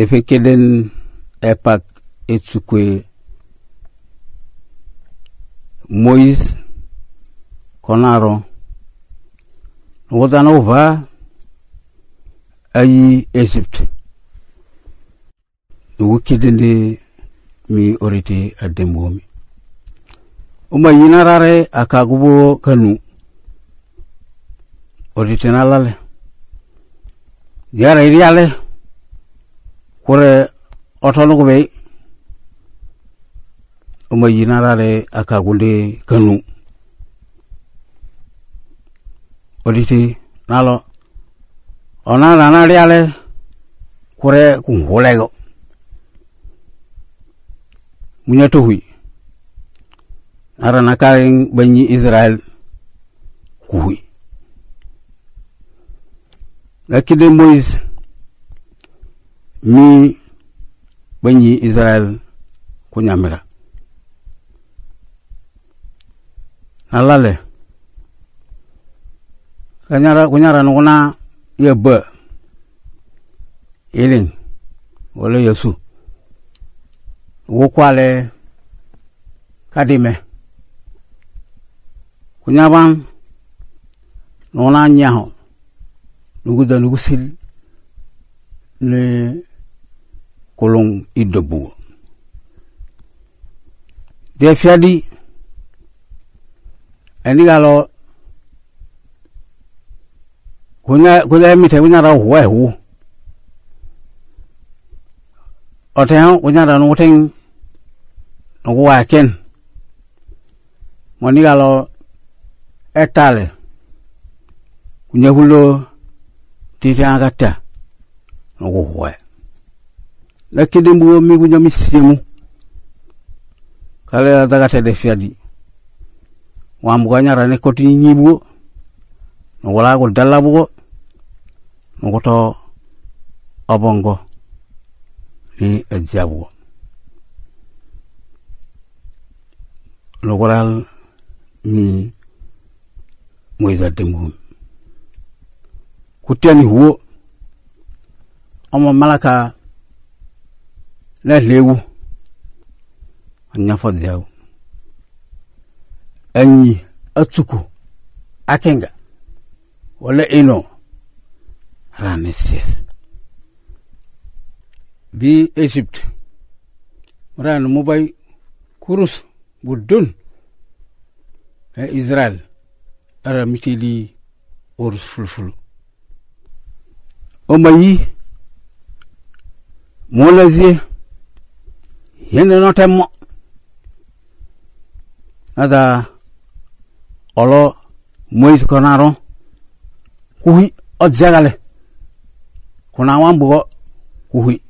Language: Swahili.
teƒe kelen epak etsukue moise kɔnarɔ wɔdana wova ayi egypt wo kelen de mi orite adem uma yinarare akagubo kanu orite nalale yara iriale Ore otolukubei omoyi narare akakunde kanu oditi nalo onana nariale kure kunhulego munya nara arana karing banyi Israel kuhui lakini Moise mi ɓa israel ku nyamira na lale kanyara kunyara nukuna ya ba ilin wale yesu wukwale kadime kunyaban nukuna nyaho nuguda nugusil ni kolon idobu defiadi enigalo kunya kunya mite kunya ra huwa hu otehan kunya ra nuteng nuwa ken monigalo etale kunya hulo titi agata nuwa huwa lakini muo migunya misimu kale atagatede fiadi wamuganyarane koti nyibuo nugulagul dalabugo nuguto obongo ni ejabugo nugural ni moisa kutia ni huo omo malaka lẹ́lẹ́wò anyafọdẹwò ẹnyi atuku akenga wọlé inú ramesses bí egypt mìíràn mubai kurus budun ẹ israel ara mitili orus fulfulu ọmọ yìí mọ́lẹ́sẹ̀. yendeno temmo ada olo moise konaro kuhi ojagale kuna wambugo kuhi